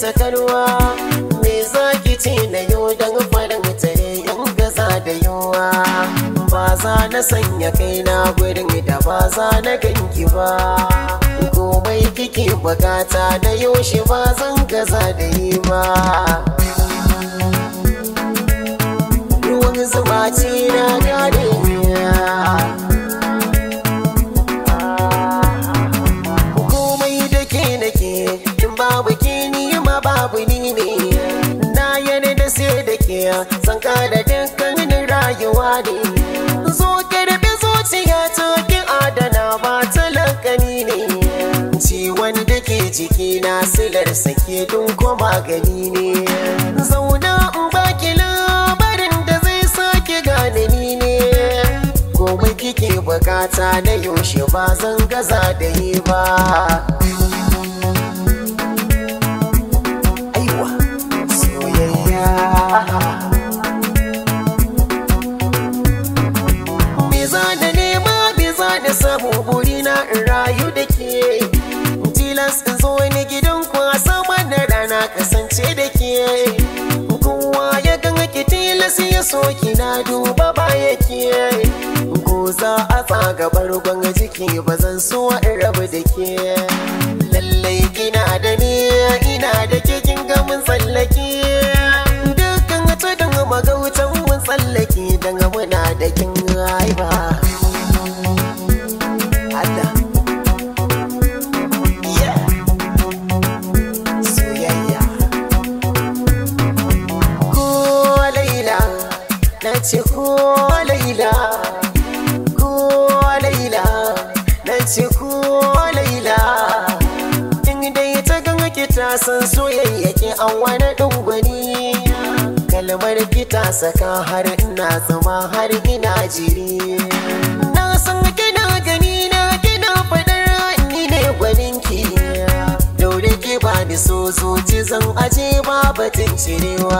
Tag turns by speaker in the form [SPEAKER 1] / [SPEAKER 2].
[SPEAKER 1] tatarwa me ki ce na yau don farin tare in gaza da yawa ba za na sanya kai na gurin da ba za na ganki ba komai kike bukata da yaushe ba zan gaza da yi ba ruwan zuba ce na zuciya da kada dukkanin rayuwa ne zo karbi zuciya cikin adana ba talakani ne ciwon da ke jiki na silar sake dun ko magani ne zauna in ba baki labarin da zai sake gane ni ne komai kike bukata na yaushe ba zan gaza da yi ba sabo burina in rayu da ke tilas in zo wani gidan ku a saman da na kasance da ke kowa ya ganga ki tilas ya so kina na duba baya ke ko za a tsaga bargon jiki ba zan so in rabu da ke lallai kina da ni ina da ke kin ga mun tsallaki. dukkan tudun magautan mun tsallaki dan muna da kin haifa ta san soyayyaki an wani dungwani kalmar fita saka har ina zama har ina jiri na san kina gani na kina fadar ni ne gwaninki daure ki ba ni so zan aje ba batun cirewa